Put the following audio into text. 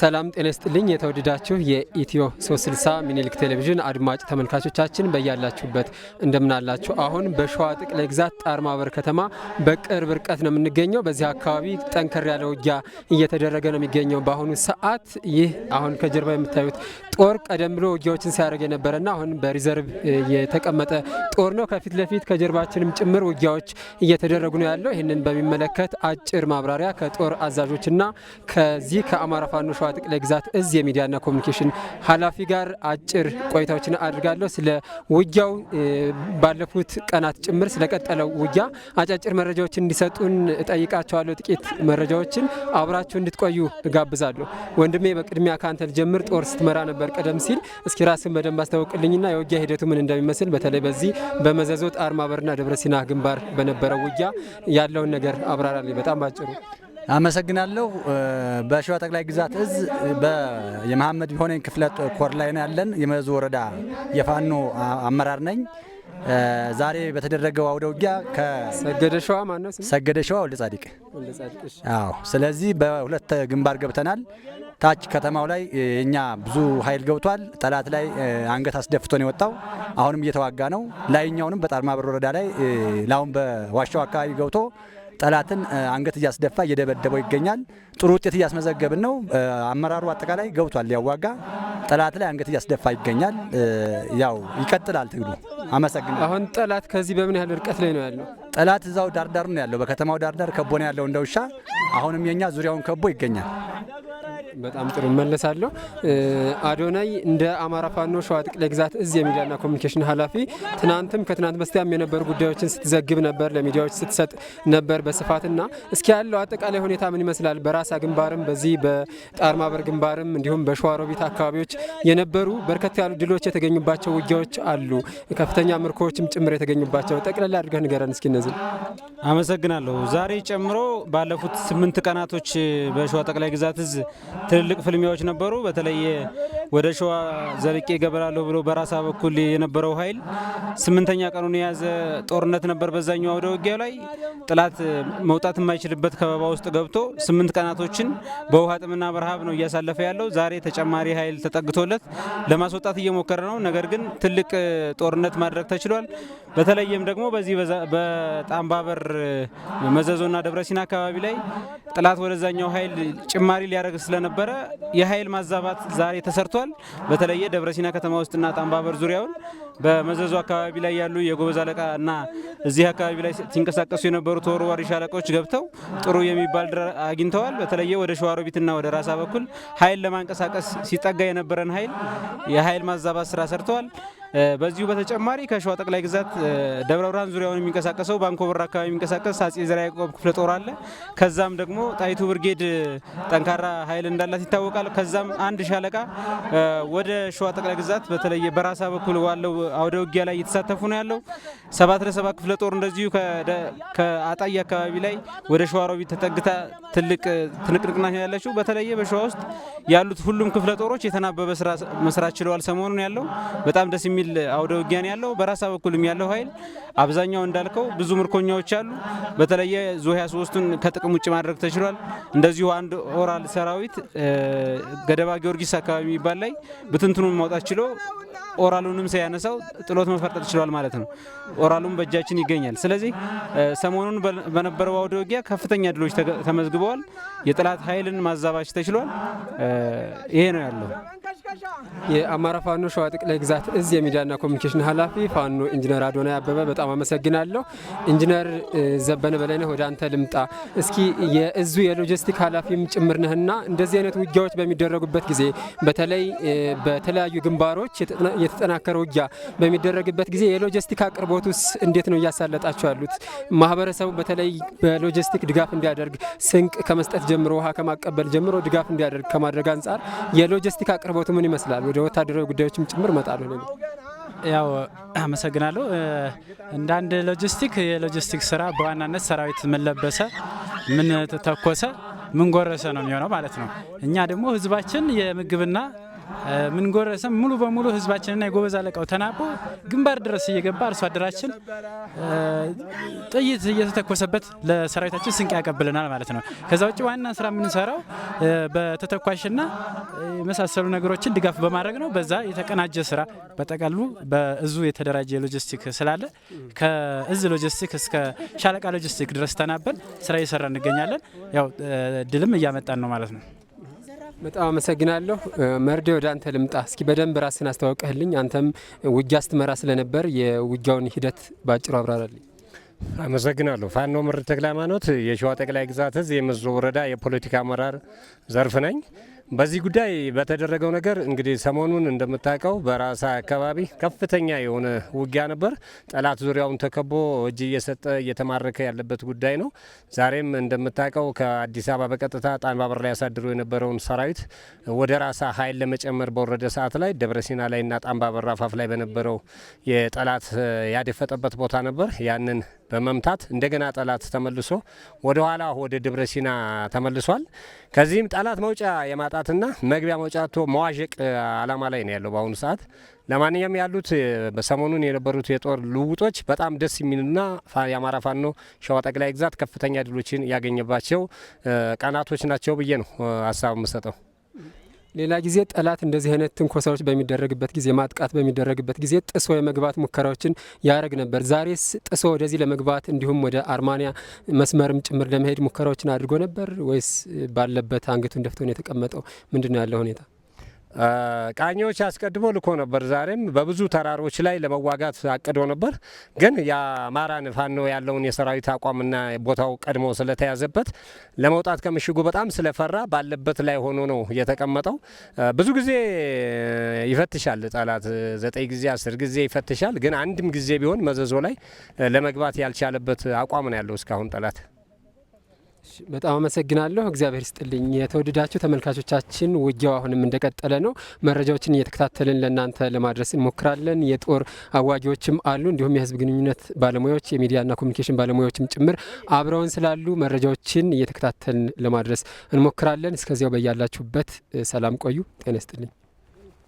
ሰላም ጤና ይስጥልኝ። የተወደዳችሁ የኢትዮ 360 ሚኒሊክ ቴሌቪዥን አድማጭ ተመልካቾቻችን በያላችሁበት እንደምናላችሁ። አሁን በሸዋ ጠቅላይ ግዛት ጣርማበር ከተማ በቅርብ ርቀት ነው የምንገኘው። በዚህ አካባቢ ጠንከር ያለ ውጊያ እየተደረገ ነው የሚገኘው በአሁኑ ሰዓት። ይህ አሁን ከጀርባ የምታዩት ጦር ቀደም ብሎ ውጊያዎችን ሲያደርግ የነበረና አሁን በሪዘርቭ የተቀመጠ ጦር ነው። ከፊት ለፊት ከጀርባችንም ጭምር ውጊያዎች እየተደረጉ ነው ያለው። ይህንን በሚመለከት አጭር ማብራሪያ ከጦር አዛዦችና ከዚህ ከአማራ ፋኖ ሸዋ ጠቅላይ ግዛት እዝ የሚዲያና ኮሚኒኬሽን ኃላፊ ጋር አጭር ቆይታዎችን አድርጋለሁ። ስለ ውጊያው ባለፉት ቀናት ጭምር ስለቀጠለው ውጊያ አጫጭር መረጃዎችን እንዲሰጡን እጠይቃቸዋለሁ። ጥቂት መረጃዎችን አብራችሁ እንድትቆዩ እጋብዛለሁ። ወንድሜ በቅድሚያ ከአንተ ልጀምር። ጦር ስትመራ ነበር ቀደም ሲል። እስኪ ራስን በደንብ አስታውቅልኝና የውጊያ ሂደቱ ምን እንደሚመስል በተለይ በዚህ በመዘዞት አርማበርና ደብረሲና ግንባር በነበረው ውጊያ ያለውን ነገር አብራራልኝ በጣም ባጭሩ። አመሰግናለሁ። በሸዋ ጠቅላይ ግዛት እዝ የመሐመድ ሆነኝ ክፍለ ኮር ላይ ነው ያለን። የመዙ ወረዳ የፋኖ አመራር ነኝ። ዛሬ በተደረገው አውደ ውጊያ ከሰገደ ሸዋ ማነው ሰገደ ሸዋ ወልደ ጻዲቅ። አዎ፣ ስለዚህ በሁለት ግንባር ገብተናል። ታች ከተማው ላይ እኛ ብዙ ኃይል ገብቷል። ጠላት ላይ አንገት አስደፍቶ ነው የወጣው። አሁንም እየተዋጋ ነው። ላይኛውንም በጣርማ በር ወረዳ ላይ ላሁን በዋሻው አካባቢ ገብቶ ጠላትን አንገት እያስደፋ እየደበደበው ይገኛል። ጥሩ ውጤት እያስመዘገብን ነው። አመራሩ አጠቃላይ ገብቷል ሊያዋጋ ጠላት ላይ አንገት እያስደፋ ይገኛል። ያው ይቀጥላል ትግሉ። አመሰግናለሁ። አሁን ጠላት ከዚህ በምን ያህል ርቀት ላይ ነው ያለው? ጠላት እዛው ዳርዳር ነው ያለው። በከተማው ዳርዳር ከቦ ነው ያለው እንደውሻ። አሁንም የኛ ዙሪያውን ከቦ ይገኛል። በጣም ጥሩ መለሳለሁ። አዶናይ እንደ አማራ ፋኖ ሸዋ ጠቅላይ ግዛት እዝ የሚዲያና ኮሚኒኬሽን ኃላፊ ትናንትም ከትናንት በስቲያም የነበሩ ጉዳዮችን ስትዘግብ ነበር፣ ለሚዲያዎች ስትሰጥ ነበር በስፋትና እስኪ ያለው አጠቃላይ ሁኔታ ምን ይመስላል? በራሳ ግንባርም በዚህ በጣርማበር ግንባርም እንዲሁም በሸዋሮቢት አካባቢዎች የነበሩ በርከት ያሉ ድሎች የተገኙባቸው ውጊያዎች አሉ፣ ከፍተኛ ምርኮዎችም ጭምር የተገኙባቸው ጠቅላላ አድርገህ ንገረን እስኪ እነዚህ። አመሰግናለሁ። ዛሬ ጨምሮ ባለፉት ስምንት ቀናቶች በሸዋ ጠቅላይ ግዛት እዝ ትልልቅ ፍልሚያዎች ነበሩ። በተለይ ወደ ሸዋ ዘልቄ ገበራለሁ ብሎ በራሳ በኩል የነበረው ኃይል ስምንተኛ ቀኑን የያዘ ጦርነት ነበር። በዛኛው አውደ ውጊያ ላይ ጠላት መውጣት የማይችልበት ከበባ ውስጥ ገብቶ ስምንት ቀናቶችን በውሃ ጥምና በረሃብ ነው እያሳለፈ ያለው። ዛሬ ተጨማሪ ኃይል ተጠግቶለት ለማስወጣት እየሞከረ ነው። ነገር ግን ትልቅ ጦርነት ማድረግ ተችሏል። በተለይም ደግሞ በዚህ በጣምባበር መዘዞና ደብረሲና አካባቢ ላይ ጠላት ወደዛኛው ኃይል ጭማሪ ሊያደርግ ስለነበረ የኃይል ማዛባት ዛሬ ተሰርቷል። ተገኝቷል። በተለየ ደብረሲና ከተማ ውስጥና ጣምባበር ዙሪያውን በመዘዙ አካባቢ ላይ ያሉ የጎበዝ አለቃ እና እዚህ አካባቢ ላይ ሲንቀሳቀሱ የነበሩ ተወርዋሪ ሻለቆች ገብተው ጥሩ የሚባል ድል አግኝተዋል። በተለየ ወደ ሸዋሮቢትና ወደ ራሳ በኩል ኃይል ለማንቀሳቀስ ሲጠጋ የነበረን ኃይል የኃይል ማዛባት ስራ ሰርተዋል። በዚሁ በተጨማሪ ከሸዋ ጠቅላይ ግዛት ደብረ ብርሃን ዙሪያውን የሚንቀሳቀሰው ባንኮበር አካባቢ የሚንቀሳቀስ አፄ ዘርዓ ያዕቆብ ክፍለ ጦር አለ። ከዛም ደግሞ ጣይቱ ብርጌድ ጠንካራ ኃይል እንዳላት ይታወቃል። ከዛም አንድ ሻለቃ ወደ ሸዋ ጠቅላይ ግዛት በተለየ በራሳ በኩል ባለው አውደ ውጊያ ላይ እየተሳተፉ ነው ያለው። ሰባት ለሰባት ክፍለ ጦር እንደዚሁ ከአጣይ አካባቢ ላይ ወደ ሸዋ ሮቢት ተጠግታ ትልቅ ትንቅንቅና ያለችው በተለየ በሸዋ ውስጥ ያሉት ሁሉም ክፍለ ጦሮች የተናበበ ስራ መስራት ችለዋል። ሰሞኑን ያለው በጣም ደስ የሚ የሚል አውደ ውጊያ ያለው። በራሳ በኩልም ያለው ኃይል አብዛኛው እንዳልከው ብዙ ምርኮኛዎች አሉ። በተለየ ዙያ ሶስቱን ከጥቅም ውጭ ማድረግ ተችሏል። እንደዚሁ አንድ ኦራል ሰራዊት ገደባ ጊዮርጊስ አካባቢ የሚባል ላይ ብትንትኑን ማውጣት ችሎ ኦራሉንም ሳያነሳው ጥሎት መፈርጠት ችሏል ማለት ነው። ኦራሉም በእጃችን ይገኛል። ስለዚህ ሰሞኑን በነበረው አውደ ውጊያ ከፍተኛ ድሎች ተመዝግበዋል። የጠላት ኃይልን ማዛባች ተችሏል። ይሄ ነው ያለው። የአማራ ፋኖ ሸዋ ጠቅላይ ግዛት እዝ የሚዲያና ኮሚኒኬሽን ኃላፊ ፋኖ ኢንጂነር አዶናይ አበበ በጣም አመሰግናለሁ። ኢንጂነር ዘበነ በላይነህ ወደ አንተ ልምጣ። እስኪ የእዙ የሎጂስቲክ ኃላፊም ጭምር ነህና እንደዚህ አይነት ውጊያዎች በሚደረጉበት ጊዜ በተለይ በተለያዩ ግንባሮች የተጠናከረ ውጊያ በሚደረግበት ጊዜ የሎጂስቲክ አቅርቦቱስ እንዴት ነው እያሳለጣቸው ያሉት? ማህበረሰቡ በተለይ በሎጂስቲክ ድጋፍ እንዲያደርግ ስንቅ ከመስጠት ጀምሮ ውሃ ከማቀበል ጀምሮ ድጋፍ እንዲያደርግ ከማድረግ አንጻር የሎጂስቲክ አቅርቦቱ ምን ይመስላል? ወደ ወታደራዊ ጉዳዮችም ጭምር እመጣለሁ። ያው አመሰግናለሁ። እንደ አንድ ሎጂስቲክ የሎጂስቲክ ስራ በዋናነት ሰራዊት ምን ለበሰ፣ ምን ተኮሰ፣ ምን ጎረሰ ነው የሚሆነው ማለት ነው። እኛ ደግሞ ህዝባችን የምግብና ምንጎረሰም ሙሉ በሙሉ ህዝባችንና የጎበዝ አለቃው ተናቦ ግንባር ድረስ እየገባ አርሶ አደራችን ጥይት እየተተኮሰበት ለሰራዊታችን ስንቅ ያቀብልናል ማለት ነው። ከዛ ውጭ ዋና ስራ የምንሰራው በተተኳሽና የመሳሰሉ ነገሮችን ድጋፍ በማድረግ ነው። በዛ የተቀናጀ ስራ በጠቀሉ በእዙ የተደራጀ ሎጂስቲክ ስላለ ከእዝ ሎጂስቲክ እስከ ሻለቃ ሎጂስቲክ ድረስ ተናበን ስራ እየሰራ እንገኛለን። ያው ድልም እያመጣን ነው ማለት ነው። በጣም አመሰግናለሁ። መርዴ ወደ አንተ ልምጣ። እስኪ በደንብ ራስን አስተዋውቀህልኝ፣ አንተም ውጊያ ስትመራ ስለነበር የውጊያውን ሂደት በአጭሩ አብራራልኝ። አመሰግናለሁ። ፋኖ መርዕድ ተክለሃይማኖት የሸዋ ጠቅላይ ግዛት እዝ የመዞ ወረዳ የፖለቲካ አመራር ዘርፍ ነኝ። በዚህ ጉዳይ በተደረገው ነገር እንግዲህ ሰሞኑን እንደምታውቀው በራሳ አካባቢ ከፍተኛ የሆነ ውጊያ ነበር። ጠላት ዙሪያውን ተከቦ እጅ እየሰጠ እየተማረከ ያለበት ጉዳይ ነው። ዛሬም እንደምታውቀው ከአዲስ አበባ በቀጥታ ጣና ባበር ላይ ያሳድሮ የነበረውን ሰራዊት ወደ ራሳ ኃይል ለመጨመር በወረደ ሰዓት ላይ ደብረሲና ላይና ጣና ባበር አፋፍ ላይ በነበረው የጠላት ያደፈጠበት ቦታ ነበር ያንን በመምታት እንደገና ጠላት ተመልሶ ወደ ኋላ ወደ ደብረ ሲና ተመልሷል። ከዚህም ጠላት መውጫ የማጣትና መግቢያ መውጫ ቶ መዋዠቅ አላማ ላይ ነው ያለው በአሁኑ ሰዓት። ለማንኛውም ያሉት በሰሞኑን የነበሩት የጦር ልውውጦች በጣም ደስ የሚሉና የአማራ ፋኖ ሸዋ ጠቅላይ ግዛት ከፍተኛ ድሎችን ያገኘባቸው ቀናቶች ናቸው ብዬ ነው ሀሳብ የምሰጠው። ሌላ ጊዜ ጠላት እንደዚህ አይነት ትንኮሳዎች በሚደረግበት ጊዜ ማጥቃት በሚደረግበት ጊዜ ጥሶ የመግባት ሙከራዎችን ያደረግ ነበር። ዛሬስ ጥሶ ወደዚህ ለመግባት እንዲሁም ወደ አርማንያ መስመርም ጭምር ለመሄድ ሙከራዎችን አድርጎ ነበር ወይስ ባለበት አንገቱን ደፍቶ ነው የተቀመጠው? ምንድን ነው ያለው ሁኔታ? ቃኞች አስቀድሞ ልኮ ነበር። ዛሬም በብዙ ተራሮች ላይ ለመዋጋት አቅዶ ነበር፣ ግን የአማራን ፋኖ ያለውን የሰራዊት አቋምና ቦታው ቀድሞ ስለተያዘበት ለመውጣት ከምሽጉ በጣም ስለፈራ ባለበት ላይ ሆኖ ነው የተቀመጠው። ብዙ ጊዜ ይፈትሻል ጠላት፣ ዘጠኝ ጊዜ አስር ጊዜ ይፈትሻል፣ ግን አንድም ጊዜ ቢሆን መዘዞ ላይ ለመግባት ያልቻለበት አቋም ነው ያለው እስካሁን ጠላት። በጣም አመሰግናለሁ። እግዚአብሔር ስጥልኝ የተወደዳችሁ ተመልካቾቻችን ውጊያው አሁንም እንደቀጠለ ነው። መረጃዎችን እየተከታተልን ለእናንተ ለማድረስ እንሞክራለን። የጦር አዋጊዎችም አሉ፣ እንዲሁም የህዝብ ግንኙነት ባለሙያዎች፣ የሚዲያና ኮሚኒኬሽን ባለሙያዎችም ጭምር አብረውን ስላሉ መረጃዎችን እየተከታተልን ለማድረስ እንሞክራለን። እስከዚያው በያላችሁበት ሰላም ቆዩ። ጤና ይስጥልኝ።